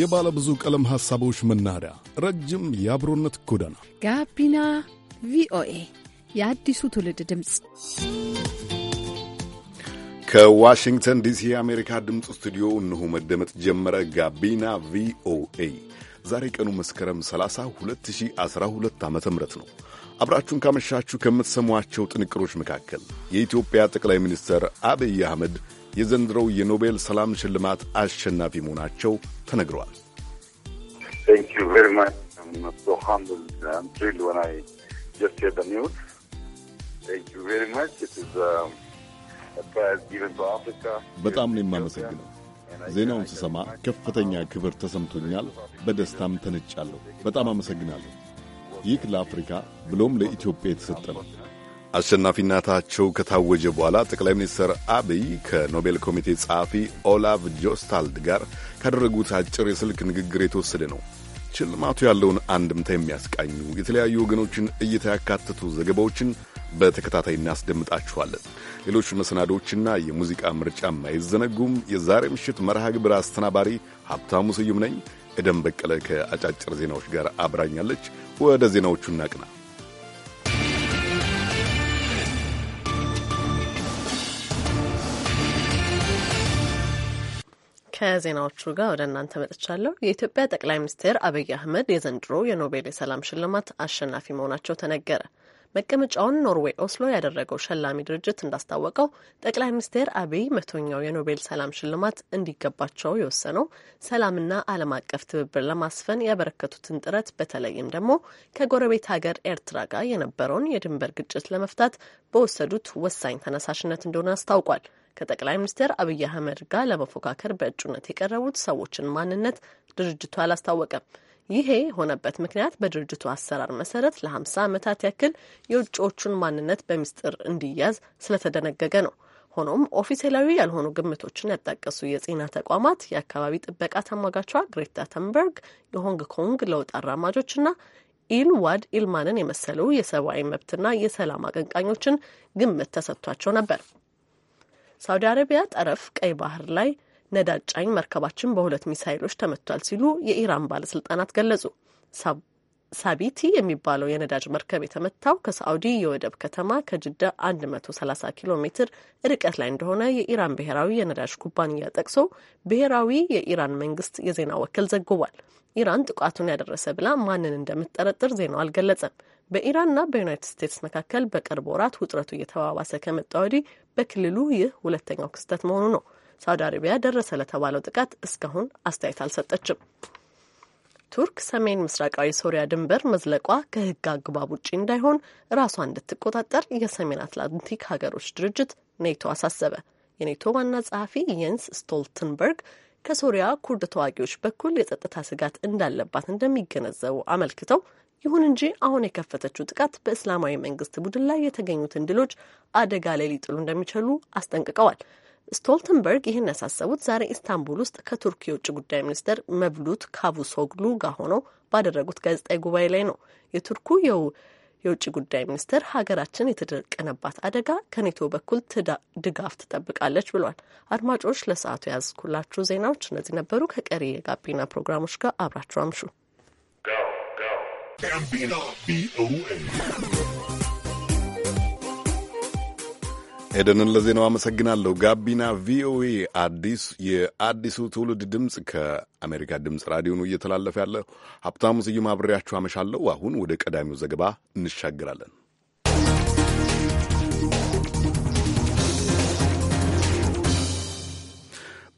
የባለ ብዙ ቀለም ሐሳቦች መናኸሪያ፣ ረጅም የአብሮነት ጎዳና፣ ጋቢና ቪኦኤ የአዲሱ ትውልድ ድምፅ። ከዋሽንግተን ዲሲ የአሜሪካ ድምፅ ስቱዲዮ እነሆ መደመጥ ጀመረ። ጋቢና ቪኦኤ ዛሬ ቀኑ መስከረም 30 2012 ዓ ም ነው። አብራችሁን ካመሻችሁ ከምትሰሟቸው ጥንቅሮች መካከል የኢትዮጵያ ጠቅላይ ሚኒስትር አብይ አህመድ የዘንድሮው የኖቤል ሰላም ሽልማት አሸናፊ መሆናቸው ተነግረዋል። um, በጣም ነው የማመሰግነው። ዜናውን ስሰማ ከፍተኛ ክብር ተሰምቶኛል፣ በደስታም ተነጫለሁ። በጣም አመሰግናለሁ። ይህ ለአፍሪካ ብሎም ለኢትዮጵያ የተሰጠ ነው። አሸናፊነታቸው ከታወጀ በኋላ ጠቅላይ ሚኒስትር አብይ ከኖቤል ኮሚቴ ጸሐፊ ኦላቭ ጆስታልድ ጋር ካደረጉት አጭር የስልክ ንግግር የተወሰደ ነው። ሽልማቱ ያለውን አንድምታ የሚያስቃኙ የተለያዩ ወገኖችን እይታ ያካተቱ ዘገባዎችን በተከታታይ እናስደምጣችኋለን። ሌሎች መሰናዶዎችና የሙዚቃ ምርጫ አይዘነጉም። የዛሬ ምሽት መርሃ ግብር አስተናባሪ ሀብታሙ ስዩም ነኝ። እደም በቀለ ከአጫጭር ዜናዎች ጋር አብራኛለች። ወደ ዜናዎቹ እናቅና። ከዜናዎቹ ጋር ወደ እናንተ መጥቻለሁ። የኢትዮጵያ ጠቅላይ ሚኒስትር አብይ አህመድ የዘንድሮ የኖቤል የሰላም ሽልማት አሸናፊ መሆናቸው ተነገረ። መቀመጫውን ኖርዌይ ኦስሎ ያደረገው ሸላሚ ድርጅት እንዳስታወቀው ጠቅላይ ሚኒስትር አብይ መቶኛው የኖቤል ሰላም ሽልማት እንዲገባቸው የወሰነው ሰላምና ዓለም አቀፍ ትብብር ለማስፈን ያበረከቱትን ጥረት በተለይም ደግሞ ከጎረቤት ሀገር ኤርትራ ጋር የነበረውን የድንበር ግጭት ለመፍታት በወሰዱት ወሳኝ ተነሳሽነት እንደሆነ አስታውቋል። ከጠቅላይ ሚኒስትር አብይ አህመድ ጋር ለመፎካከር በእጩነት የቀረቡት ሰዎችን ማንነት ድርጅቱ አላስታወቀም። ይሄ የሆነበት ምክንያት በድርጅቱ አሰራር መሰረት ለ50 ዓመታት ያክል የውጭዎቹን ማንነት በሚስጥር እንዲያዝ ስለተደነገገ ነው። ሆኖም ኦፊሴላዊ ያልሆኑ ግምቶችን ያጣቀሱ የጤና ተቋማት የአካባቢ ጥበቃ ተሟጋቿ ግሬታ ተንበርግ የሆንግ ኮንግ ለውጥ አራማጆችና ኢልዋድ ኢልማንን የመሰሉ የሰብአዊ መብትና የሰላም አቀንቃኞችን ግምት ተሰጥቷቸው ነበር። ሳውዲ አረቢያ ጠረፍ ቀይ ባህር ላይ ነዳጅ ጫኝ መርከባችን በሁለት ሚሳይሎች ተመቷል ሲሉ የኢራን ባለስልጣናት ገለጹ። ሳቢቲ የሚባለው የነዳጅ መርከብ የተመታው ከሳዑዲ የወደብ ከተማ ከጅዳ 130 ኪሎ ሜትር ርቀት ላይ እንደሆነ የኢራን ብሔራዊ የነዳጅ ኩባንያ ጠቅሶ ብሔራዊ የኢራን መንግስት የዜና ወኪል ዘግቧል። ኢራን ጥቃቱን ያደረሰ ብላ ማንን እንደምትጠረጥር ዜናው አልገለጸም። በኢራንና በዩናይትድ ስቴትስ መካከል በቅርብ ወራት ውጥረቱ እየተባባሰ ከመጣ ወዲህ በክልሉ ይህ ሁለተኛው ክስተት መሆኑ ነው። ሳውዲ አረቢያ ደረሰ ለተባለው ጥቃት እስካሁን አስተያየት አልሰጠችም። ቱርክ ሰሜን ምስራቃዊ ሶሪያ ድንበር መዝለቋ ከህግ አግባብ ውጪ እንዳይሆን ራሷን እንድትቆጣጠር የሰሜን አትላንቲክ ሀገሮች ድርጅት ኔቶ አሳሰበ። የኔቶ ዋና ጸሐፊ የንስ ስቶልተንበርግ ከሶሪያ ኩርድ ተዋጊዎች በኩል የጸጥታ ስጋት እንዳለባት እንደሚገነዘቡ አመልክተው ይሁን እንጂ አሁን የከፈተችው ጥቃት በእስላማዊ መንግስት ቡድን ላይ የተገኙትን ድሎች አደጋ ላይ ሊጥሉ እንደሚችሉ አስጠንቅቀዋል። ስቶልተንበርግ ይህን ያሳሰቡት ዛሬ ኢስታንቡል ውስጥ ከቱርክ የውጭ ጉዳይ ሚኒስትር መብሉት ካቡሶግሉ ጋር ሆነው ባደረጉት ጋዜጣዊ ጉባኤ ላይ ነው። የቱርኩ የውጭ ጉዳይ ሚኒስትር ሀገራችን የተደቀነባት አደጋ ከኔቶ በኩል ድጋፍ ትጠብቃለች ብሏል። አድማጮች፣ ለሰዓቱ የያዝኩላችሁ ዜናዎች እነዚህ ነበሩ። ከቀሪ የጋቢና ፕሮግራሞች ጋር አብራችሁ አምሹ። ጋቢና ቪኦኤ ኤደንን ለዜናው አመሰግናለሁ። ጋቢና ቪኦኤ አዲስ የአዲሱ ትውልድ ድምፅ ከአሜሪካ ድምፅ ራዲዮኑ እየተላለፈ ያለ ሀብታሙ ስዩም አብሬያችሁ አመሻለሁ። አሁን ወደ ቀዳሚው ዘገባ እንሻገራለን።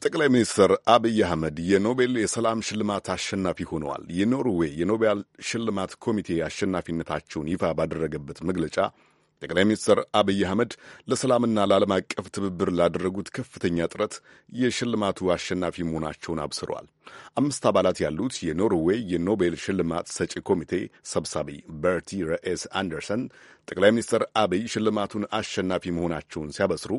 ጠቅላይ ሚኒስትር አብይ አህመድ የኖቤል የሰላም ሽልማት አሸናፊ ሆነዋል። የኖርዌይ የኖቤል ሽልማት ኮሚቴ አሸናፊነታቸውን ይፋ ባደረገበት መግለጫ ጠቅላይ ሚኒስትር አብይ አህመድ ለሰላምና ለዓለም አቀፍ ትብብር ላደረጉት ከፍተኛ ጥረት የሽልማቱ አሸናፊ መሆናቸውን አብስረዋል። አምስት አባላት ያሉት የኖርዌይ የኖቤል ሽልማት ሰጪ ኮሚቴ ሰብሳቢ በርቲ ረኤስ አንደርሰን ጠቅላይ ሚኒስትር አብይ ሽልማቱን አሸናፊ መሆናቸውን ሲያበስሩ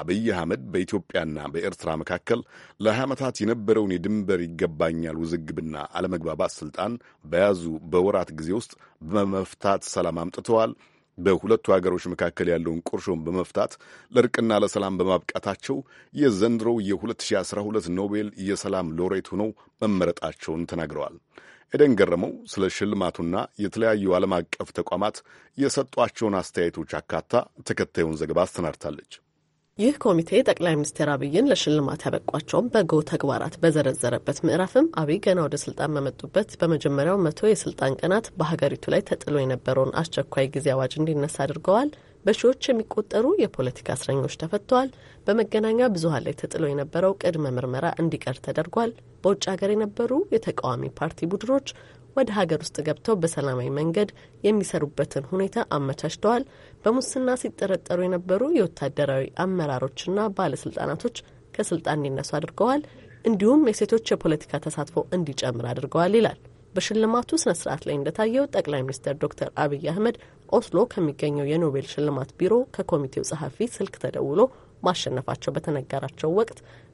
አብይ አህመድ በኢትዮጵያና በኤርትራ መካከል ለሀያ ዓመታት የነበረውን የድንበር ይገባኛል ውዝግብና አለመግባባት ስልጣን በያዙ በወራት ጊዜ ውስጥ በመፍታት ሰላም አምጥተዋል። በሁለቱ ሀገሮች መካከል ያለውን ቁርሾን በመፍታት ለእርቅና ለሰላም በማብቃታቸው የዘንድሮው የ2012 ኖቤል የሰላም ሎሬት ሆነው መመረጣቸውን ተናግረዋል። ኤደን ገረመው ስለ ሽልማቱና የተለያዩ ዓለም አቀፍ ተቋማት የሰጧቸውን አስተያየቶች አካታ ተከታዩን ዘገባ አሰናድታለች። ይህ ኮሚቴ ጠቅላይ ሚኒስትር አብይን ለሽልማት ያበቋቸውን በጎ ተግባራት በዘረዘረበት ምዕራፍም አብይ ገና ወደ ስልጣን በመጡበት በመጀመሪያው መቶ የስልጣን ቀናት በሀገሪቱ ላይ ተጥሎ የነበረውን አስቸኳይ ጊዜ አዋጅ እንዲነሳ አድርገዋል። በሺዎች የሚቆጠሩ የፖለቲካ እስረኞች ተፈተዋል። በመገናኛ ብዙኃን ላይ ተጥሎ የነበረው ቅድመ ምርመራ እንዲቀር ተደርጓል። በውጭ ሀገር የነበሩ የተቃዋሚ ፓርቲ ቡድኖች ወደ ሀገር ውስጥ ገብተው በሰላማዊ መንገድ የሚሰሩበትን ሁኔታ አመቻችተዋል። በሙስና ሲጠረጠሩ የነበሩ የወታደራዊ አመራሮችና ባለስልጣናቶች ከስልጣን እንዲነሱ አድርገዋል። እንዲሁም የሴቶች የፖለቲካ ተሳትፎ እንዲጨምር አድርገዋል ይላል። በሽልማቱ ስነ ስርዓት ላይ እንደታየው ጠቅላይ ሚኒስትር ዶክተር አብይ አህመድ ኦስሎ ከሚገኘው የኖቤል ሽልማት ቢሮ ከኮሚቴው ጸሐፊ ስልክ ተደውሎ ማሸነፋቸው በተነገራቸው ወቅት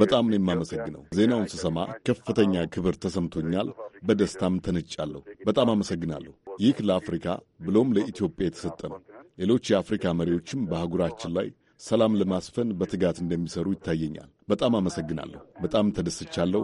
በጣም ነው የማመሰግነው። ዜናውን ስሰማ ከፍተኛ ክብር ተሰምቶኛል፣ በደስታም ተነጫለሁ። በጣም አመሰግናለሁ። ይህ ለአፍሪካ ብሎም ለኢትዮጵያ የተሰጠ ነው። ሌሎች የአፍሪካ መሪዎችም በአህጉራችን ላይ ሰላም ለማስፈን በትጋት እንደሚሰሩ ይታየኛል። በጣም አመሰግናለሁ። በጣም ተደስቻለሁ።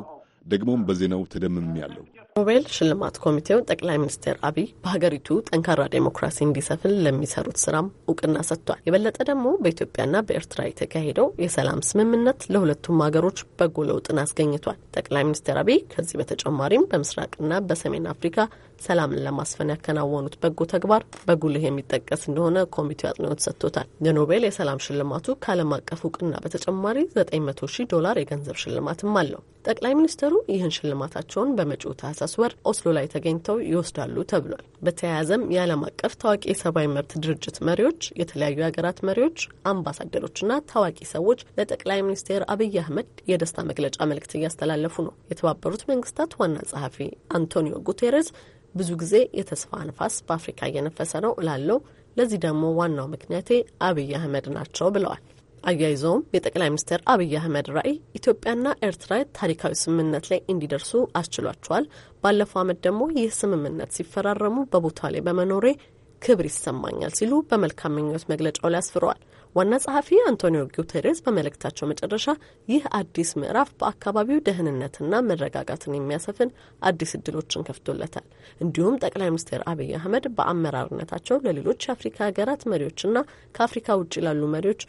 ደግሞም በዜናው ተደምም ያለው ኖቤል ሽልማት ኮሚቴው ጠቅላይ ሚኒስትር አብይ በሀገሪቱ ጠንካራ ዴሞክራሲ እንዲሰፍን ለሚሰሩት ስራም እውቅና ሰጥቷል። የበለጠ ደግሞ በኢትዮጵያና በኤርትራ የተካሄደው የሰላም ስምምነት ለሁለቱም ሀገሮች በጎ ለውጥን አስገኝቷል። ጠቅላይ ሚኒስትር አብይ ከዚህ በተጨማሪም በምስራቅና በሰሜን አፍሪካ ሰላምን ለማስፈን ያከናወኑት በጎ ተግባር በጉልህ የሚጠቀስ እንደሆነ ኮሚቴው አጥንኦት ሰጥቶታል። የኖቤል የሰላም ሽልማቱ ከዓለም አቀፍ እውቅና በተጨማሪ 900 ሺህ ዶላር የገንዘብ ሽልማትም አለው። ጠቅላይ ሚኒስትሩ ይህን ሽልማታቸውን በመጪው ታህሳስ ወር ኦስሎ ላይ ተገኝተው ይወስዳሉ ተብሏል። በተያያዘም የዓለም አቀፍ ታዋቂ የሰብአዊ መብት ድርጅት መሪዎች፣ የተለያዩ ሀገራት መሪዎች፣ አምባሳደሮችና ታዋቂ ሰዎች ለጠቅላይ ሚኒስትር አብይ አህመድ የደስታ መግለጫ መልእክት እያስተላለፉ ነው። የተባበሩት መንግስታት ዋና ጸሐፊ አንቶኒዮ ጉቴሬስ ብዙ ጊዜ የተስፋ ንፋስ በአፍሪካ እየነፈሰ ነው እላለው። ለዚህ ደግሞ ዋናው ምክንያቴ አብይ አህመድ ናቸው ብለዋል። አያይዘውም የጠቅላይ ሚኒስትር አብይ አህመድ ራዕይ ኢትዮጵያና ኤርትራ ታሪካዊ ስምምነት ላይ እንዲደርሱ አስችሏቸዋል። ባለፈው ዓመት ደግሞ ይህ ስምምነት ሲፈራረሙ በቦታ ላይ በመኖሬ ክብር ይሰማኛል ሲሉ በመልካም ምኞት መግለጫው ላይ አስፍረዋል። ዋና ጸሐፊ አንቶኒዮ ጉቴሬዝ በመልእክታቸው መጨረሻ ይህ አዲስ ምዕራፍ በአካባቢው ደህንነትና መረጋጋትን የሚያሰፍን አዲስ እድሎችን ከፍቶለታል። እንዲሁም ጠቅላይ ሚኒስትር አብይ አህመድ በአመራርነታቸው ለሌሎች የአፍሪካ ሀገራት መሪዎችና ከአፍሪካ ውጭ ላሉ መሪዎች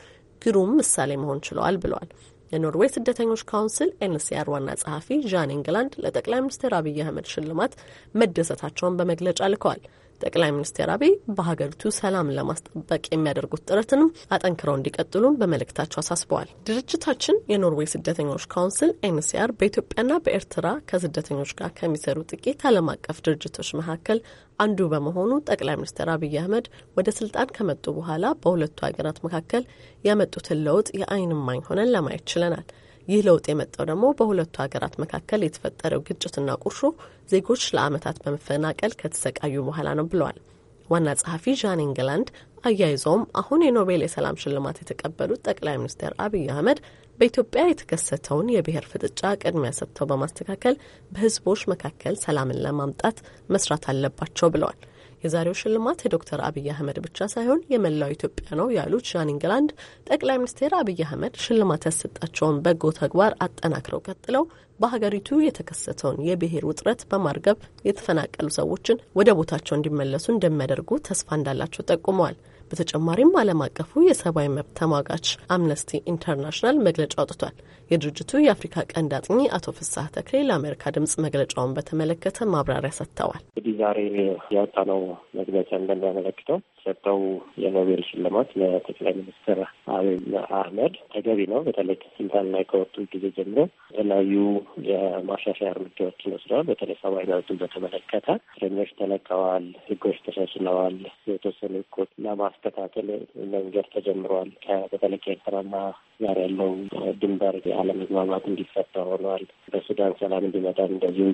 ግሩም ምሳሌ መሆን ችለዋል ብለዋል። የኖርዌይ ስደተኞች ካውንስል ኤንሲአር ዋና ጸሐፊ ዣን ኢንግላንድ ለጠቅላይ ሚኒስትር አብይ አህመድ ሽልማት መደሰታቸውን በመግለጫ ልከዋል። ጠቅላይ ሚኒስትር አብይ በሀገሪቱ ሰላም ለማስጠበቅ የሚያደርጉት ጥረትንም አጠንክረው እንዲቀጥሉም በመልእክታቸው አሳስበዋል። ድርጅታችን የኖርዌይ ስደተኞች ካውንስል ኤንሲአር በኢትዮጵያና በኤርትራ ከስደተኞች ጋር ከሚሰሩ ጥቂት ዓለም አቀፍ ድርጅቶች መካከል አንዱ በመሆኑ ጠቅላይ ሚኒስትር አብይ አህመድ ወደ ስልጣን ከመጡ በኋላ በሁለቱ ሀገራት መካከል ያመጡትን ለውጥ የአይን እማኝ ሆነን ለማየት ችለናል። ይህ ለውጥ የመጣው ደግሞ በሁለቱ ሀገራት መካከል የተፈጠረው ግጭትና ቁርሾ ዜጎች ለዓመታት በመፈናቀል ከተሰቃዩ በኋላ ነው ብለዋል። ዋና ጸሐፊ ዣን ኢንግላንድ አያይዘውም አሁን የኖቤል የሰላም ሽልማት የተቀበሉት ጠቅላይ ሚኒስትር አብይ አህመድ በኢትዮጵያ የተከሰተውን የብሔር ፍጥጫ ቅድሚያ ሰጥተው በማስተካከል በህዝቦች መካከል ሰላምን ለማምጣት መስራት አለባቸው ብለዋል። የዛሬው ሽልማት የዶክተር አብይ አህመድ ብቻ ሳይሆን የመላው ኢትዮጵያ ነው ያሉት ዣን ኢንግላንድ ጠቅላይ ሚኒስትር አብይ አህመድ ሽልማት ያሰጣቸውን በጎ ተግባር አጠናክረው ቀጥለው በሀገሪቱ የተከሰተውን የብሔር ውጥረት በማርገብ የተፈናቀሉ ሰዎችን ወደ ቦታቸው እንዲመለሱ እንደሚያደርጉ ተስፋ እንዳላቸው ጠቁመዋል። በተጨማሪም ዓለም አቀፉ የሰብአዊ መብት ተሟጋች አምነስቲ ኢንተርናሽናል መግለጫ አውጥቷል። የድርጅቱ የአፍሪካ ቀንድ አጥኚ አቶ ፍስሐ ተክሌ ለአሜሪካ ድምጽ መግለጫውን በተመለከተ ማብራሪያ ሰጥተዋል። እንግዲህ ዛሬ ያወጣነው መግለጫ እንደሚያመለክተው የተሰጠው የኖቤል ሽልማት ለጠቅላይ ሚኒስትር አብይ አህመድ ተገቢ ነው። በተለይ ከስልጣን ላይ ከወጡ ጊዜ ጀምሮ የተለያዩ የማሻሻያ እርምጃዎችን ወስደዋል። በተለይ ሰብአዊ መብቱን በተመለከተ እስረኞች ተለቀዋል፣ ህጎች ተሻሽለዋል፣ የተወሰኑ ህጎች ለማስተካከል መንገድ ተጀምሯል። በተለይ ከኤርትራና ጋር ያለው ድንበር አለመግባባት እንዲፈታ ሆኗል። በሱዳን ሰላም እንዲመጣ እንደዚሁ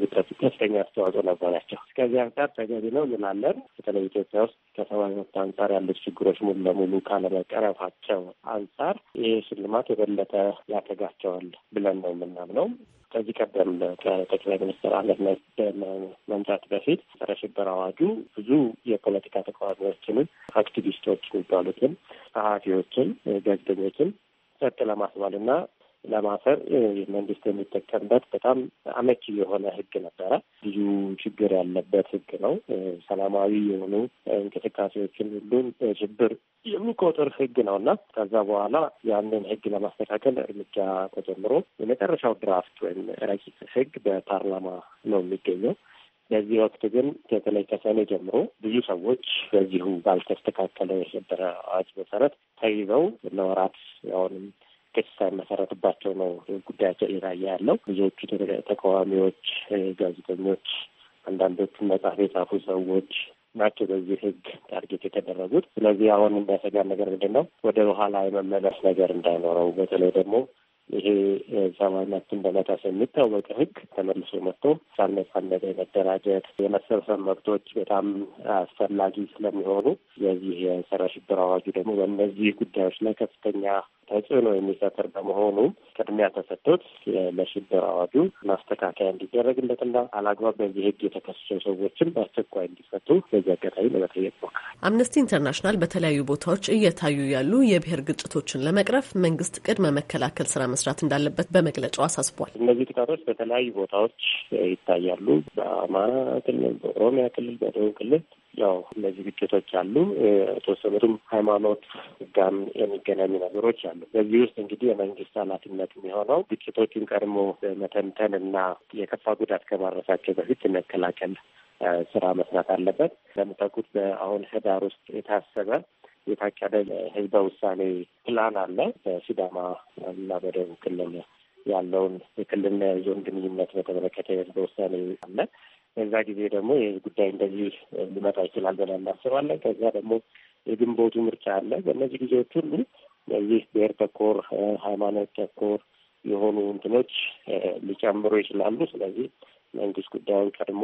ከፍተኛ አስተዋጽኦ ነበራቸው። እስከዚህ አንጻር ተገቢ ነው እንላለን። በተለይ ኢትዮጵያ ውስጥ ከሰብአዊ መብት አንጻር ያሉት ችግሮች ሙሉ ለሙሉ ካለመቀረፋቸው አንጻር ይህ ሽልማት የበለጠ ያተጋቸዋል ብለን ነው የምናምነው። ከዚህ ቀደም ከጠቅላይ ሚኒስትር አብይ መምጣት በፊት ጸረ ሽብር አዋጁ ብዙ የፖለቲካ ተቃዋሚዎችንም፣ አክቲቪስቶች የሚባሉትን፣ ጸሐፊዎችን፣ ጋዜጠኞችን ጸጥ ለማስባል ለማስባልና ለማሰር መንግስት የሚጠቀምበት በጣም አመቺ የሆነ ህግ ነበረ። ብዙ ችግር ያለበት ህግ ነው። ሰላማዊ የሆኑ እንቅስቃሴዎችን ሁሉም ሽብር የሚቆጥር ህግ ነው እና ከዛ በኋላ ያንን ህግ ለማስተካከል እርምጃ ተጀምሮ የመጨረሻው ድራፍት ወይም ረቂቅ ህግ በፓርላማ ነው የሚገኘው። በዚህ ወቅት ግን በተለይ ከሰኔ ጀምሮ ብዙ ሰዎች በዚሁ ባልተስተካከለ የሽብር አዋጅ መሰረት ተይዘው ለወራት አሁንም ክስ ሳይመሰረትባቸው ነው ጉዳያቸው እየታየ ያለው። ብዙዎቹ ተቃዋሚዎች፣ ጋዜጠኞች፣ አንዳንዶቹ መጽሐፍ የጻፉ ሰዎች ናቸው በዚህ ህግ ታርጌት የተደረጉት። ስለዚህ አሁን የሚያሰጋን ነገር ምንድን ነው? ወደ ኋላ የመመለስ ነገር እንዳይኖረው በተለይ ደግሞ ይሄ ሰማንያችን በመድረስ የሚታወቅ ህግ ተመልሶ መጥቶ ሳልነጻነት የመደራጀት የመሰብሰብ መብቶች በጣም አስፈላጊ ስለሚሆኑ የዚህ የጸረ ሽብር አዋጁ ደግሞ በእነዚህ ጉዳዮች ላይ ከፍተኛ ተጽዕኖ የሚፈጥር በመሆኑ ቅድሚያ ተሰጥቶት ለሽብር አዋጁ ማስተካከያ እንዲደረግለትና አላግባብ በዚህ ህግ የተከሰሱ ሰዎችም በአስቸኳይ እንዲፈቱ በዚህ አጋጣሚ ለመጠየቅ ሞክራል። አምነስቲ ኢንተርናሽናል በተለያዩ ቦታዎች እየታዩ ያሉ የብሔር ግጭቶችን ለመቅረፍ መንግስት ቅድመ መከላከል ስራ መስራት እንዳለበት በመግለጫው አሳስቧል። እነዚህ ጥቃቶች በተለያዩ ቦታዎች ይታያሉ። በአማራ ክልል፣ በኦሮሚያ ክልል፣ በደቡብ ክልል ያው እነዚህ ግጭቶች አሉ። የተወሰኑትም ሃይማኖት ጋም የሚገናኙ ነገሮች አሉ። በዚህ ውስጥ እንግዲህ የመንግስት ኃላፊነት የሚሆነው ግጭቶቹን ቀድሞ መተንተን እና የከፋ ጉዳት ከማድረሳቸው በፊት መከላከል ስራ መስራት አለበት። እንደምታውቁት በአሁን ህዳር ውስጥ የታሰበ የታቀደ ህዝበ ውሳኔ ፕላን አለ። በሲዳማ እና በደቡብ ክልል ያለውን የክልልና የዞን ግንኙነት በተመለከተ የህዝበ ውሳኔ አለ። በዛ ጊዜ ደግሞ ይህ ጉዳይ እንደዚህ ሊመጣ ይችላል ብለን እናስባለን። ከዛ ደግሞ የግንቦቱ ምርጫ አለ። በእነዚህ ጊዜዎች ሁሉ ይህ ብሔር ተኮር፣ ሃይማኖት ተኮር የሆኑ እንትኖች ሊጨምሩ ይችላሉ። ስለዚህ መንግስት ጉዳዩን ቀድሞ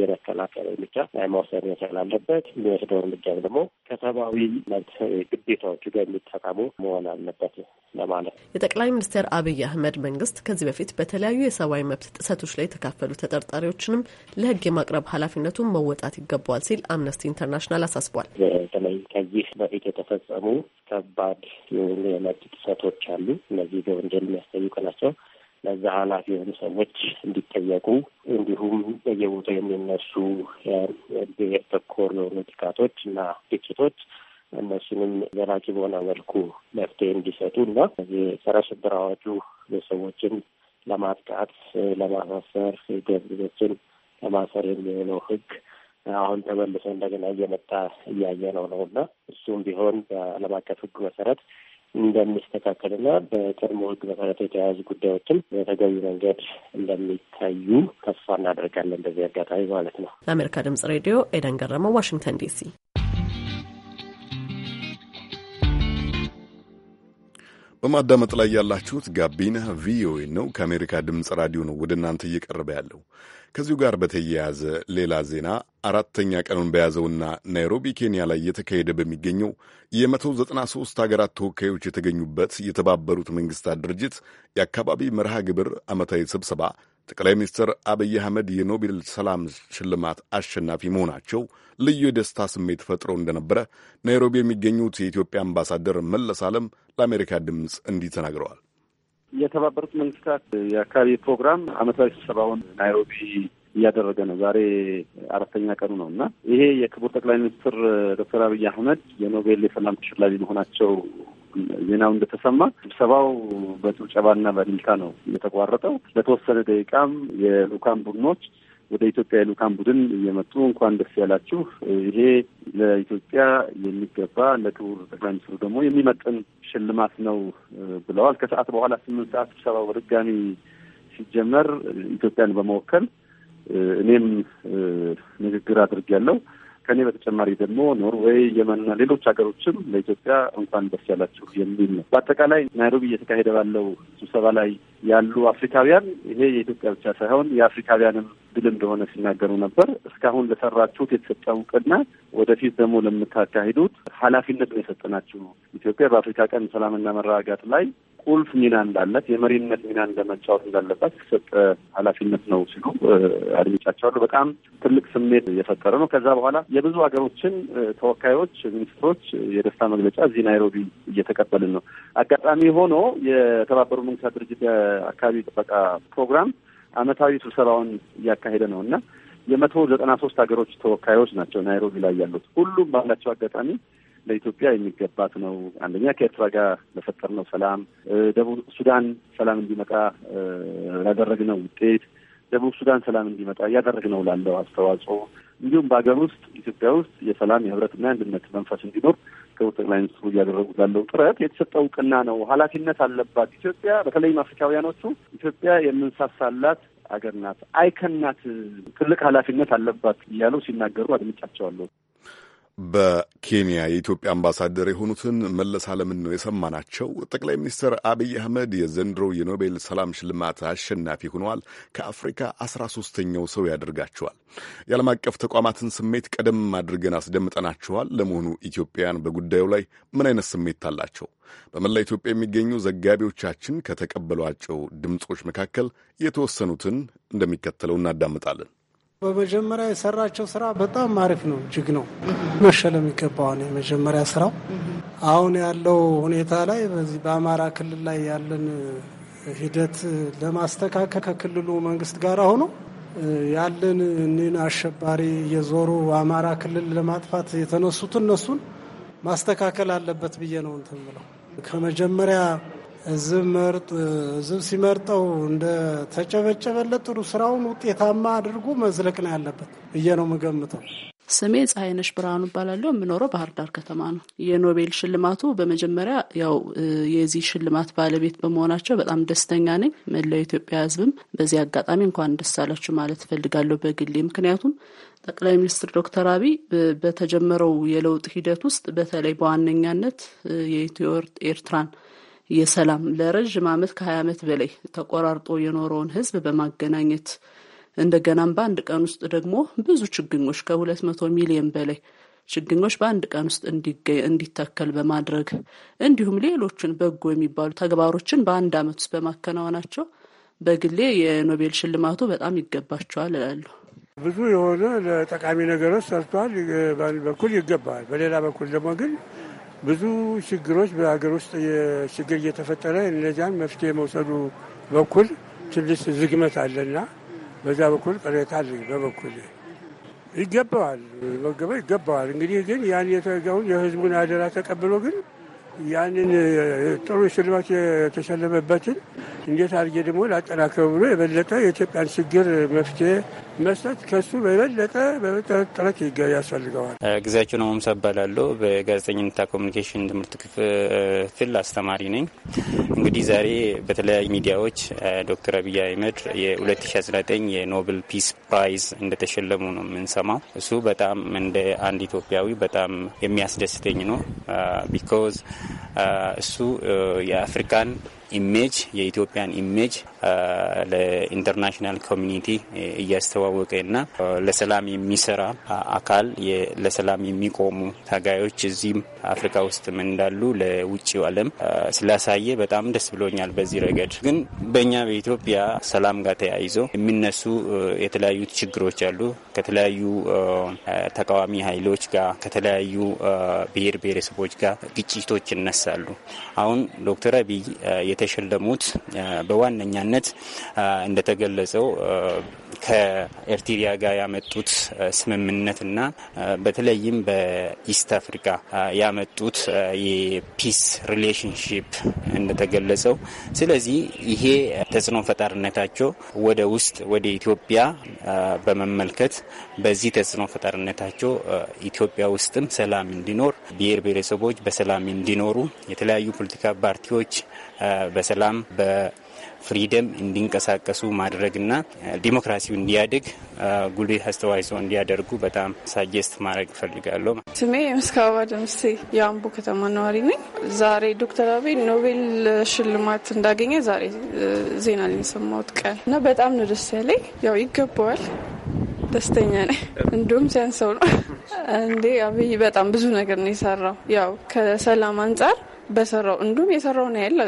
የመከላከል እርምጃ መውሰድ መቻል አለበት። የሚወስደው እርምጃ ደግሞ ከሰብአዊ መብት ግዴታዎቹ ጋር የሚጠቀሙ መሆን አለበት ለማለት የጠቅላይ ሚኒስትር አብይ አህመድ መንግስት ከዚህ በፊት በተለያዩ የሰብአዊ መብት ጥሰቶች ላይ የተካፈሉ ተጠርጣሪዎችንም ለህግ የማቅረብ ኃላፊነቱን መወጣት ይገባዋል ሲል አምነስቲ ኢንተርናሽናል አሳስቧል። በተለይ ከዚህ በፊት የተፈጸሙ ከባድ የሆኑ የመብት ጥሰቶች አሉ። እነዚህ በወንጀል የሚያስጠይቁ ናቸው። ለዛ ኃላፊ የሆኑ ሰዎች እንዲጠየቁ እንዲሁም በየቦታው የሚነሱ ብሔር ተኮር የሆኑ ጥቃቶች እና ግጭቶች እነሱንም ዘላቂ በሆነ መልኩ መፍትሄ እንዲሰጡ እና የጸረ ሽብር አዋጁ የሰዎችን ለማጥቃት፣ ለማሳሰር፣ ገብዞችን ለማሰር የሚሆነው ህግ አሁን ተመልሶ እንደገና እየመጣ እያየ ነው ነው እና እሱም ቢሆን በዓለም አቀፍ ህግ መሰረት እንደሚስተካከልና በቀድሞ ህግ መሰረት የተያያዙ ጉዳዮችም በተገቢ መንገድ እንደሚታዩ ተስፋ እናደርጋለን። በዚህ አጋጣሚ ማለት ነው። ለአሜሪካ ድምጽ ሬዲዮ ኤደን ገረመው፣ ዋሽንግተን ዲሲ። በማዳመጥ ላይ ያላችሁት ጋቢና ቪኦኤ ነው። ከአሜሪካ ድምፅ ራዲዮ ነው ወደ እናንተ እየቀረበ ያለው። ከዚሁ ጋር በተያያዘ ሌላ ዜና አራተኛ ቀኑን በያዘውና ናይሮቢ ኬንያ ላይ እየተካሄደ በሚገኘው የ193 ሀገራት ተወካዮች የተገኙበት የተባበሩት መንግስታት ድርጅት የአካባቢ መርሃ ግብር ዓመታዊ ስብሰባ ጠቅላይ ሚኒስትር አብይ አህመድ የኖቤል ሰላም ሽልማት አሸናፊ መሆናቸው ልዩ የደስታ ስሜት ፈጥሮ እንደነበረ ናይሮቢ የሚገኙት የኢትዮጵያ አምባሳደር መለስ ዓለም ለአሜሪካ ድምፅ እንዲህ ተናግረዋል። የተባበሩት መንግስታት የአካባቢ ፕሮግራም አመታዊ ስብሰባውን ናይሮቢ እያደረገ ነው። ዛሬ አራተኛ ቀኑ ነው እና ይሄ የክቡር ጠቅላይ ሚኒስትር ዶክተር አብይ አህመድ የኖቤል የሰላም ተሸላሚ መሆናቸው ዜናው እንደተሰማ ስብሰባው በጭብጨባና በድልታ ነው የተቋረጠው። ለተወሰነ ደቂቃም የልኡካን ቡድኖች ወደ ኢትዮጵያ የልኡካን ቡድን እየመጡ እንኳን ደስ ያላችሁ፣ ይሄ ለኢትዮጵያ የሚገባ ለክቡር ጠቅላይ ሚኒስትሩ ደግሞ የሚመጥን ሽልማት ነው ብለዋል። ከሰዓት በኋላ ስምንት ሰዓት ስብሰባ በድጋሚ ሲጀመር ኢትዮጵያን በመወከል እኔም ንግግር አድርጌያለሁ። ከእኔ በተጨማሪ ደግሞ ኖርዌይ፣ የመንና ሌሎች ሀገሮችም ለኢትዮጵያ እንኳን ደስ ያላችሁ የሚል ነው። በአጠቃላይ ናይሮቢ እየተካሄደ ባለው ስብሰባ ላይ ያሉ አፍሪካውያን ይሄ የኢትዮጵያ ብቻ ሳይሆን የአፍሪካውያንም ድል እንደሆነ ሲናገሩ ነበር። እስካሁን ለሰራችሁት የተሰጠ እውቅና፣ ወደፊት ደግሞ ለምታካሂዱት ኃላፊነት ነው የሰጠናችሁ። ኢትዮጵያ በአፍሪካ ቀን ሰላምና መረጋጋት ላይ ቁልፍ ሚና እንዳለት የመሪነት ሚና እንደመጫወት እንዳለባት የተሰጠ ኃላፊነት ነው ሲሉ አድምጫቸዋለሁ። በጣም ትልቅ ስሜት እየፈጠረ ነው። ከዛ በኋላ የብዙ ሀገሮችን ተወካዮች፣ ሚኒስትሮች የደስታ መግለጫ እዚህ ናይሮቢ እየተቀበልን ነው። አጋጣሚ ሆኖ የተባበሩ መንግስታት ድርጅት የአካባቢ ጥበቃ ፕሮግራም አመታዊ ስብሰባውን እያካሄደ ነው እና የመቶ ዘጠና ሶስት ሀገሮች ተወካዮች ናቸው ናይሮቢ ላይ ያሉት። ሁሉም ባላቸው አጋጣሚ ለኢትዮጵያ የሚገባት ነው። አንደኛ ከኤርትራ ጋር ለፈጠርነው ሰላም፣ ደቡብ ሱዳን ሰላም እንዲመጣ ላደረግነው ውጤት፣ ደቡብ ሱዳን ሰላም እንዲመጣ እያደረግነው ላለው አስተዋጽኦ፣ እንዲሁም በሀገር ውስጥ ኢትዮጵያ ውስጥ የሰላም የህብረትና የአንድነት መንፈስ እንዲኖር እሳቸው ጠቅላይ ሚኒስትሩ እያደረጉት ያለው ጥረት የተሰጠ እውቅና ነው፣ ኃላፊነት አለባት ኢትዮጵያ። በተለይም አፍሪካውያኖቹ ኢትዮጵያ የምንሳሳላት አገር ናት፣ አይከን ትልቅ ኃላፊነት አለባት እያሉ ሲናገሩ አድምጫቸዋለሁ። በኬንያ የኢትዮጵያ አምባሳደር የሆኑትን መለስ አለምን ነው የሰማናቸው። ጠቅላይ ሚኒስትር አብይ አህመድ የዘንድሮ የኖቤል ሰላም ሽልማት አሸናፊ ሆነዋል። ከአፍሪካ አስራ ሶስተኛው ሰው ያደርጋቸዋል። የዓለም አቀፍ ተቋማትን ስሜት ቀደም አድርገን አስደምጠናችኋል። ለመሆኑ ኢትዮጵያውያን በጉዳዩ ላይ ምን አይነት ስሜት አላቸው? በመላ ኢትዮጵያ የሚገኙ ዘጋቢዎቻችን ከተቀበሏቸው ድምፆች መካከል የተወሰኑትን እንደሚከተለው እናዳምጣለን። በመጀመሪያ የሰራቸው ስራ በጣም አሪፍ ነው፣ እጅግ ነው መሸለም ይገባዋል። የመጀመሪያ ስራው። አሁን ያለው ሁኔታ ላይ በዚህ በአማራ ክልል ላይ ያለን ሂደት ለማስተካከል ከክልሉ መንግስት ጋር ሆኖ ያለን እኒን አሸባሪ የዞሩ አማራ ክልል ለማጥፋት የተነሱት እነሱን ማስተካከል አለበት ብዬ ነው እንትን ብለው ከመጀመሪያ ህዝብ ሲመርጠው ተጨበጨበለት ጥሩ ስራውን ውጤታማ አድርጎ መዝለቅ ነው ያለበት ብዬ ነው የምገምተው። ስሜ ፀሐይነሽ ብርሃኑ እባላለሁ። የምኖረው ባህር ዳር ከተማ ነው። የኖቤል ሽልማቱ በመጀመሪያ ያው የዚህ ሽልማት ባለቤት በመሆናቸው በጣም ደስተኛ ነኝ። መላው ኢትዮጵያ ህዝብም በዚህ አጋጣሚ እንኳን ደስ አላችሁ ማለት እፈልጋለሁ በግሌ ምክንያቱም ጠቅላይ ሚኒስትር ዶክተር አብይ በተጀመረው የለውጥ ሂደት ውስጥ በተለይ በዋነኛነት የኢትዮ ኤርትራን የሰላም ለረዥም ዓመት ከሀያ ዓመት በላይ ተቆራርጦ የኖረውን ህዝብ በማገናኘት እንደገናም በአንድ ቀን ውስጥ ደግሞ ብዙ ችግኞች ከሁለት መቶ ሚሊዮን በላይ ችግኞች በአንድ ቀን ውስጥ እንዲተከል በማድረግ እንዲሁም ሌሎችን በጎ የሚባሉ ተግባሮችን በአንድ ዓመት ውስጥ በማከናወናቸው በግሌ የኖቤል ሽልማቱ በጣም ይገባቸዋል እላለሁ። ብዙ የሆነ ለጠቃሚ ነገሮች ሰርቷል። በአንድ በኩል ይገባል፣ በሌላ በኩል ደግሞ ግን ብዙ ችግሮች በሀገር ውስጥ ችግር እየተፈጠረ እነዚያን መፍትሄ መውሰዱ በኩል ትልስ ዝግመት አለና በዛ በኩል ቅሬታ አለኝ። በበኩል ይገባዋል መገበ ይገባዋል። እንግዲህ ግን ያን የተጋውን የህዝቡን አደራ ተቀብሎ ግን ያንን ጥሩ ሽልማት የተሸለመበትን እንዴት አድርጌ ደግሞ ላጠናክረው ብሎ የበለጠ የኢትዮጵያን ችግር መፍትሄ መስጠት ከሱ በበለጠ ጥረት ያስፈልገዋል። ጊዜያቸው ነው እባላለሁ። በጋዜጠኝነትና ኮሚኒኬሽን ትምህርት ክፍል አስተማሪ ነኝ። እንግዲህ ዛሬ በተለያዩ ሚዲያዎች ዶክተር አብይ አህመድ የ2019 የኖብል ፒስ ፕራይዝ እንደተሸለሙ ነው የምንሰማው። እሱ በጣም እንደ አንድ ኢትዮጵያዊ በጣም የሚያስደስተኝ ነው ቢኮዝ እሱ የአፍሪካን ኢሜጅ የኢትዮጵያን ኢሜጅ ለኢንተርናሽናል ኮሚኒቲ እያስተዋወቀ እና ለሰላም የሚሰራ አካል ለሰላም የሚቆሙ ታጋዮች እዚህም አፍሪካ ውስጥም እንዳሉ ለውጭው ዓለም ስላሳየ በጣም ደስ ብሎኛል። በዚህ ረገድ ግን በእኛ በኢትዮጵያ ሰላም ጋር ተያይዞ የሚነሱ የተለያዩ ችግሮች አሉ። ከተለያዩ ተቃዋሚ ኃይሎች ጋር ከተለያዩ ብሔር ብሔረሰቦች ጋር ግጭቶች ይነሳሉ። አሁን ዶክተር አብይ የተሸለሙት በዋነኛነት እንደተገለጸው ከኤርትሪያ ጋር ያመጡት ስምምነትና በተለይም በኢስት አፍሪካ ያመጡት የፒስ ሪሌሽንሽፕ እንደተገለጸው፣ ስለዚህ ይሄ ተጽዕኖ ፈጣሪነታቸው ወደ ውስጥ ወደ ኢትዮጵያ በመመልከት በዚህ ተጽዕኖ ፈጣሪነታቸው ኢትዮጵያ ውስጥም ሰላም እንዲኖር ብሔር ብሔረሰቦች በሰላም እንዲኖሩ የተለያዩ ፖለቲካ ፓርቲዎች በሰላም ፍሪደም እንዲንቀሳቀሱ ማድረግና ዲሞክራሲው እንዲያድግ ጉልህ አስተዋጽኦ እንዲያደርጉ በጣም ሳጀስት ማድረግ እፈልጋለሁ። ስሜ የምስካባ ደምሴ የአምቦ ከተማ ነዋሪ ነኝ። ዛሬ ዶክተር አብይ ኖቤል ሽልማት እንዳገኘ ዛሬ ዜና ላይ የሰማሁት ቀን እና በጣም ነው ደስ ያለኝ። ያው ይገባዋል ደስተኛ ነኝ። እንዲሁም ሲያንሰው ነው እንዴ አብይ በጣም ብዙ ነገር ነው የሰራው ያው ከሰላም አንጻር በሰራው እንዲሁም የሰራውን ያህል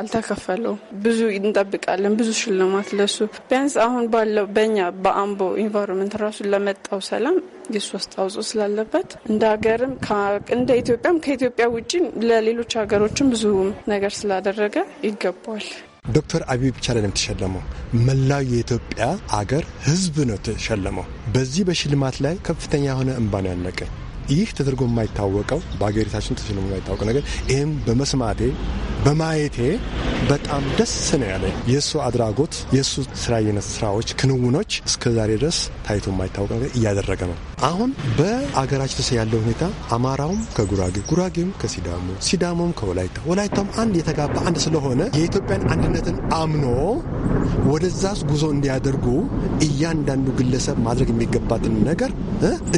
አልተከፈለውም። ብዙ እንጠብቃለን፣ ብዙ ሽልማት ለሱ ቢያንስ አሁን ባለው በእኛ በአምቦ ኢንቫይሮንመንት ራሱ ለመጣው ሰላም የሱ አስተዋጽኦ ስላለበት እንደ ሀገርም እንደ ኢትዮጵያም ከኢትዮጵያ ውጭ ለሌሎች ሀገሮችም ብዙ ነገር ስላደረገ ይገባዋል። ዶክተር አብይ ብቻ ላይ ነው የተሸለመው። መላው የኢትዮጵያ አገር ህዝብ ነው የተሸለመው። በዚህ በሽልማት ላይ ከፍተኛ የሆነ እንባ ነው ያነቀኝ። ይህ ተደርጎ የማይታወቀው በሀገሪታችን ተችሎ የማይታወቀው ነገር ይህም በመስማቴ በማየቴ በጣም ደስ ነው ያለ። የእሱ አድራጎት የእሱ ስራ የነት ስራዎች ክንውኖች እስከ ዛሬ ድረስ ታይቶ የማይታወቅ ነገር እያደረገ ነው። አሁን በአገራችን ተስ ያለው ሁኔታ አማራውም ከጉራጌ ጉራጌም ከሲዳሞ ሲዳሞም ከወላይታ ወላይታም አንድ የተጋባ አንድ ስለሆነ የኢትዮጵያን አንድነትን አምኖ ወደዛስ ጉዞ እንዲያደርጉ እያንዳንዱ ግለሰብ ማድረግ የሚገባትን ነገር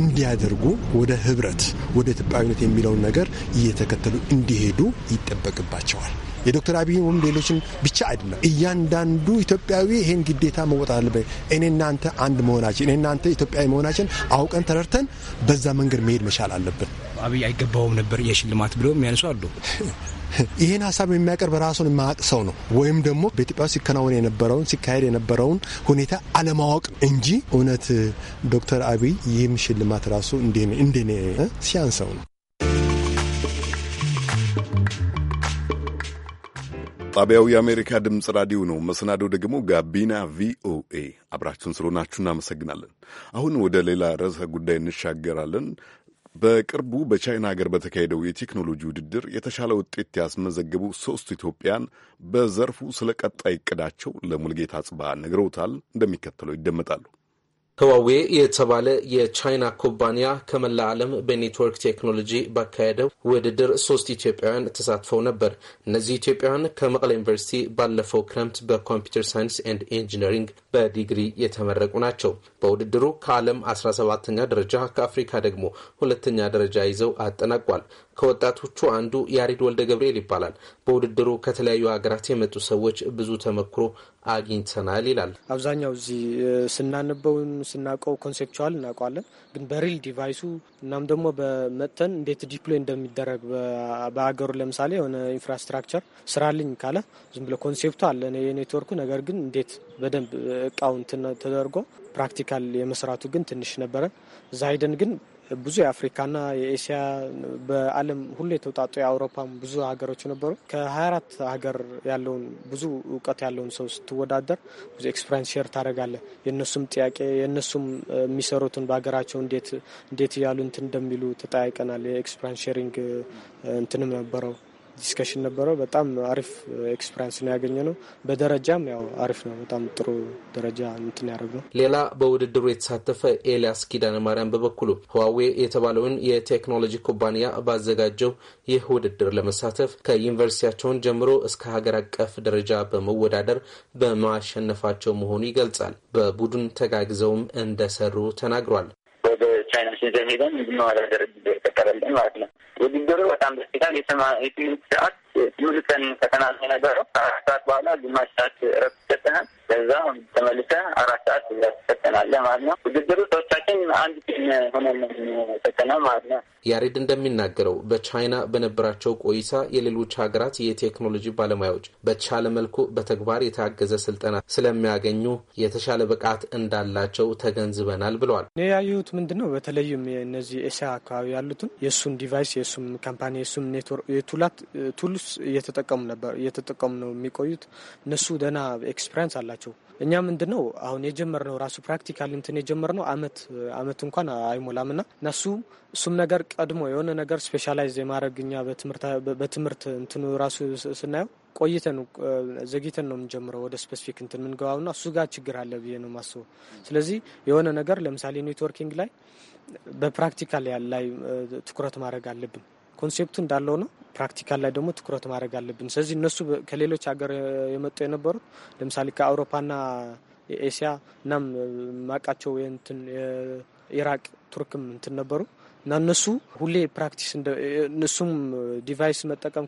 እንዲያደርጉ ወደ ህብረ ህብረት ወደ ኢትዮጵያዊነት የሚለውን ነገር እየተከተሉ እንዲሄዱ ይጠበቅባቸዋል። የዶክተር አብይም ሌሎችን ብቻ አይደለም። እያንዳንዱ ኢትዮጵያዊ ይህን ግዴታ መወጣት አለበት። እኔ እናንተ አንድ መሆናችን እኔ እናንተ ኢትዮጵያዊ መሆናችን አውቀን ተረድተን በዛ መንገድ መሄድ መቻል አለብን። አብይ አይገባውም ነበር የሽልማት ብሎ የሚያነሱ አሉ። ይህን ሀሳብ የሚያቀርብ ራሱን የማያውቅ ሰው ነው፣ ወይም ደግሞ በኢትዮጵያ ውስጥ ሲከናወን የነበረውን ሲካሄድ የነበረውን ሁኔታ አለማወቅ እንጂ እውነት ዶክተር አብይ ይህም ሽልማት ራሱ እንዴ ሲያንሰው ነው። ጣቢያው የአሜሪካ ድምፅ ራዲዮ ነው። መሰናዶ ደግሞ ጋቢና ቪኦኤ። አብራችሁን ስለሆናችሁ እናመሰግናለን። አሁን ወደ ሌላ ርዕሰ ጉዳይ እንሻገራለን። በቅርቡ በቻይና ሀገር በተካሄደው የቴክኖሎጂ ውድድር የተሻለ ውጤት ያስመዘገቡ ሶስት ኢትዮጵያን በዘርፉ ስለ ቀጣይ እቅዳቸው ለሙልጌታ ጽባ ነግረውታል። እንደሚከተለው ይደመጣሉ። ህዋዌ የተባለ የቻይና ኩባንያ ከመላ ዓለም በኔትወርክ ቴክኖሎጂ ባካሄደው ውድድር ሶስት ኢትዮጵያውያን ተሳትፈው ነበር። እነዚህ ኢትዮጵያውያን ከመቀለ ዩኒቨርሲቲ ባለፈው ክረምት በኮምፒውተር ሳይንስ ኤንድ ኢንጂነሪንግ በዲግሪ የተመረቁ ናቸው። በውድድሩ ከዓለም 17ኛ ደረጃ ከአፍሪካ ደግሞ ሁለተኛ ደረጃ ይዘው አጠናቋል። ከወጣቶቹ አንዱ ያሬድ ወልደ ገብርኤል ይባላል። በውድድሩ ከተለያዩ ሀገራት የመጡ ሰዎች ብዙ ተመክሮ አግኝተናል ይላል። አብዛኛው እዚህ ስናነበውን ስናውቀው ኮንሴፕቹዋል እናውቀዋለን፣ ግን በሪል ዲቫይሱ እናም ደግሞ በመጥተን እንዴት ዲፕሎይ እንደሚደረግ በሀገሩ ለምሳሌ የሆነ ኢንፍራስትራክቸር ስራልኝ ካለ ዝም ብለ ኮንሴፕቱ አለ የኔትወርኩ ነገር ግን እንዴት በደንብ እቃውን ተደርጎ ፕራክቲካል የመስራቱ ግን ትንሽ ነበረ። እዛ ሄደን ግን ብዙ የአፍሪካና የኤስያ በዓለም ሁሉ የተውጣጡ የአውሮፓም ብዙ ሀገሮች ነበሩ። ከ24 ሀገር ያለውን ብዙ እውቀት ያለውን ሰው ስትወዳደር ብዙ ኤክስፐሪንስ ሼር ታደረጋለ። የእነሱም ጥያቄ የእነሱም የሚሰሩትን በሀገራቸው እንዴት እያሉ እንትን እንደሚሉ ተጠያይቀናል። የኤክስፐሪንስ ሼሪንግ እንትንም ነበረው። ዲስከሽን ነበረው። በጣም አሪፍ ኤክስፐሪንስ ነው ያገኘ ነው። በደረጃም ያው አሪፍ ነው። በጣም ጥሩ ደረጃ እንትን ያደረግ ነው። ሌላ በውድድሩ የተሳተፈ ኤልያስ ኪዳነ ማርያም በበኩሉ ህዋዌ የተባለውን የቴክኖሎጂ ኩባንያ ባዘጋጀው ይህ ውድድር ለመሳተፍ ከዩኒቨርሲቲያቸውን ጀምሮ እስከ ሀገር አቀፍ ደረጃ በመወዳደር በማሸነፋቸው መሆኑ ይገልጻል። በቡድን ተጋግዘውም እንደሰሩ ተናግሯል። ወደ ቻይና ስንዘር ሄደን ማለት ነው ውድድሩ በጣም ደስታል። የስምንት ሰዓት ሙሉ ቀን ፈተና ነበረው። ከአራት ሰዓት በኋላ ግማሽ ሰዓት እረፍት ይሰጠናል። ከዛ ተመልሰ አራት ሰዓት ትፈተናለህ ማለት ነው። ውድድሩ ሰዎቻችን አንድ ቲም ሆነን ፈተና ማለት ነው። ያሬድ እንደሚናገረው በቻይና በነበራቸው ቆይታ የሌሎች ሀገራት የቴክኖሎጂ ባለሙያዎች በተሻለ መልኩ በተግባር የታገዘ ስልጠና ስለሚያገኙ የተሻለ ብቃት እንዳላቸው ተገንዝበናል ብለዋል። እኔ ያየሁት ምንድን ነው፣ በተለይም እነዚህ ኤስያ አካባቢ ያሉትን የእሱም ዲቫይስ የእሱም ካምፓኒ የእሱም ኔትወርክ የቱላት ቱልስ እየተጠቀሙ ነበር እየተጠቀሙ ነው የሚቆዩት። እነሱ ደህና ኤክስፔሪንስ አላቸው። እኛ ምንድን ነው አሁን የጀመርነው ራሱ ፕራክቲካል እንትን የጀመርነው አመት አመት እንኳን አይሞላም ና እነሱ እሱም ነገር ቀድሞ የሆነ ነገር ስፔሻላይዝ የማድረግ እኛ በትምህርት እንትኑ ራሱ ስናየው ቆይተን ዘግይተን ነው የምንጀምረው ወደ ስፔሲፊክ እንትን የምንገባው ና እሱ ጋር ችግር አለ ብዬ ነው ማስበው። ስለዚህ የሆነ ነገር ለምሳሌ ኔትወርኪንግ ላይ በፕራክቲካል ላይ ትኩረት ማድረግ አለብን። ኮንሴፕቱ እንዳለው ነው ፕራክቲካል ላይ ደግሞ ትኩረት ማድረግ አለብን። ስለዚህ እነሱ ከሌሎች ሀገር የመጡ የነበሩት ለምሳሌ ከአውሮፓና ኤስያ እናም ማቃቸው እንትን ኢራቅ ቱርክም እንትን ነበሩ። እና እነሱ ሁሌ ፕራክቲስ እነሱም ዲቫይስ መጠቀም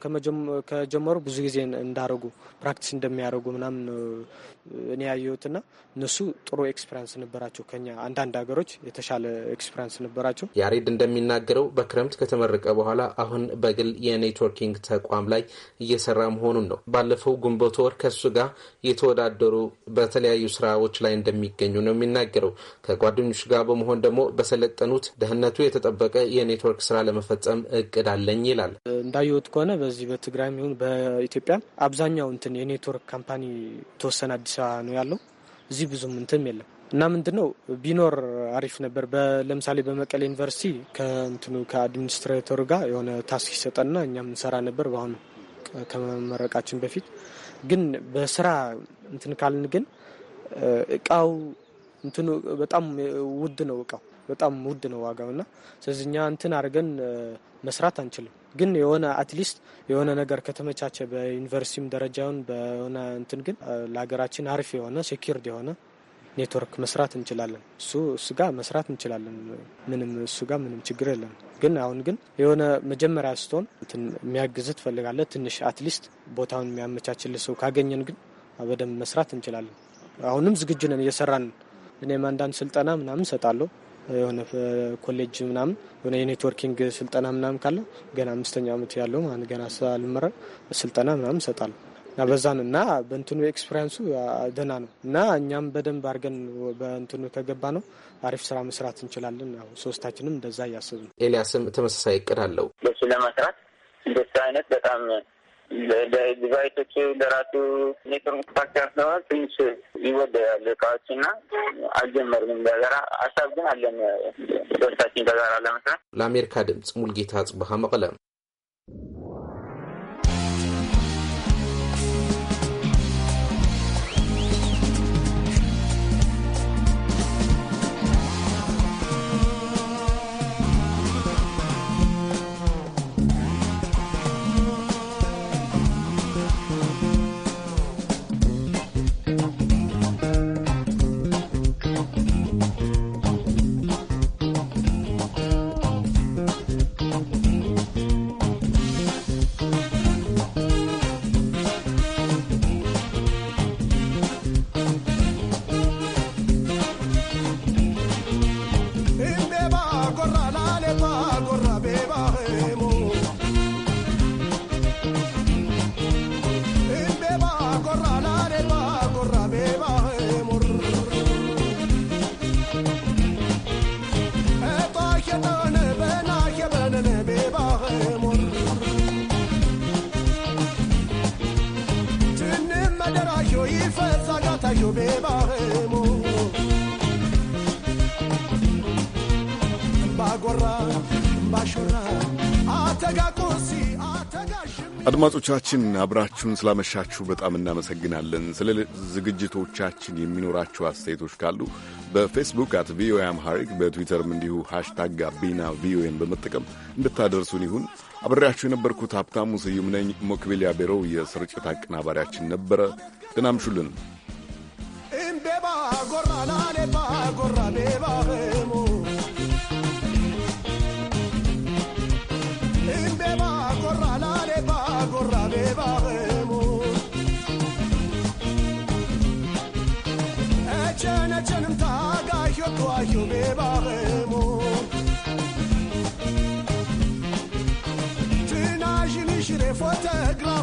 ከጀመሩ ብዙ ጊዜ እንዳረጉ ፕራክቲስ እንደሚያደርጉ ምናምን እኔ ና እነሱ ጥሩ ኤክስፐሪንስ ነበራቸው። ከኛ አንዳንድ ሀገሮች የተሻለ ኤክስፐሪንስ ነበራቸው። ያሬድ እንደሚናገረው በክረምት ከተመረቀ በኋላ አሁን በግል የኔትወርኪንግ ተቋም ላይ እየሰራ መሆኑን ነው። ባለፈው ግንቦት ወር ከእሱ ጋር የተወዳደሩ በተለያዩ ስራዎች ላይ እንደሚገኙ ነው የሚናገረው። ከጓደኞች ጋር በመሆን ደግሞ በሰለጠኑት ደህንነቱ የተጠበ ያልተጠበቀ የኔትወርክ ስራ ለመፈጸም እቅድ አለኝ ይላል። እንዳየወት ከሆነ በዚህ በትግራይም ይሁን በኢትዮጵያ አብዛኛው እንትን የኔትወርክ ካምፓኒ ተወሰነ አዲስ አበባ ነው ያለው። እዚህ ብዙም እንትም የለም እና ምንድን ነው ቢኖር አሪፍ ነበር። ለምሳሌ በመቀሌ ዩኒቨርሲቲ ከእንትኑ ከአድሚኒስትሬተሩ ጋር የሆነ ታስክ ይሰጠና እኛም እንሰራ ነበር በአሁኑ ከመመረቃችን በፊት ግን በስራ እንትን ካልን ግን እቃው እንትኑ በጣም ውድ ነው እቃው በጣም ውድ ነው ዋጋው እና ስለዚህ እኛ እንትን አድርገን መስራት አንችልም። ግን የሆነ አትሊስት የሆነ ነገር ከተመቻቸ በዩኒቨርሲቲም ደረጃውን በሆነ እንትን ግን ለሀገራችን አሪፍ የሆነ ሴኪርድ የሆነ ኔትወርክ መስራት እንችላለን። እሱ እሱ ጋር መስራት እንችላለን። ምንም እሱ ጋር ምንም ችግር የለም። ግን አሁን ግን የሆነ መጀመሪያ ስትሆን የሚያግዝ ትፈልጋለህ። ትንሽ አትሊስት ቦታውን የሚያመቻችል ሰው ካገኘን ግን በደንብ መስራት እንችላለን። አሁንም ዝግጁ ነን፣ እየሰራን እኔም አንዳንድ ስልጠና ምናምን ሰጣለሁ። የሆነ ኮሌጅ ምናምን የሆነ የኔትወርኪንግ ስልጠና ምናምን ካለ ገና አምስተኛው ዓመት ያለው ማለት ገና ስላልመረቅ ስልጠና ምናምን ይሰጣል እና በዛ ነው እና በእንትኑ ኤክስፔሪንሱ ደህና ነው እና እኛም በደንብ አድርገን በእንትኑ ከገባ ነው አሪፍ ስራ መስራት እንችላለን። ሶስታችንም እንደዛ ነው። ኤልያስም ተመሳሳይ እቅድ አለው ለሱ ለመስራት እንደሱ አይነት በጣም ዲቫይሶች ለራሱ ኔትወርክ ስትራክቸር ስለሆነ ትንሽ ይወደዳሉ እቃዎች እና አልጀመርንም በጋራ ሀሳብ ግን አለን ሶስታችን በጋራ ለመስራት። ለአሜሪካ ድምፅ ሙልጌታ ጽቡሀ መቀለም አድማጮቻችን አብራችሁን ስላመሻችሁ በጣም እናመሰግናለን። ስለ ዝግጅቶቻችን የሚኖራችሁ አስተያየቶች ካሉ በፌስቡክ አት ቪኦኤ አምሃሪክ በትዊተርም እንዲሁ ሃሽታግ ጋቢና ቪኦኤን በመጠቀም እንድታደርሱን ይሁን። አብሬያችሁ የነበርኩት ሀብታሙ ስዩም ነኝ። ቤሮ ቤሮው የስርጭት አቀናባሪያችን ነበረ። ደናምሹልን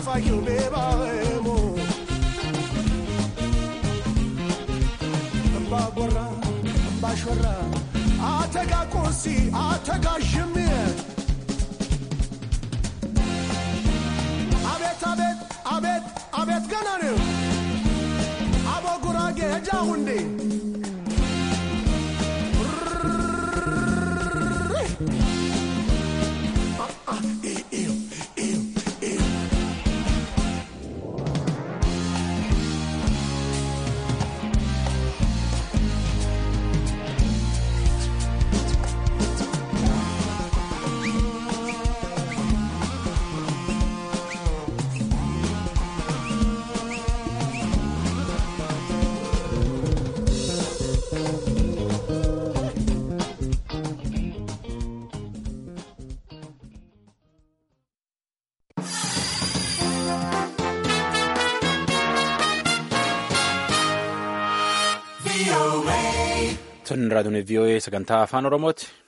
fayou ne baemo አተጋ ቆሲ አተጋ ሽምየት አቤት አቤት አቤት አቤት ገና ነው አቦ ጉራጌ ሄጃ kan raadiyoon VOA e sagantaa afaan Oromooti.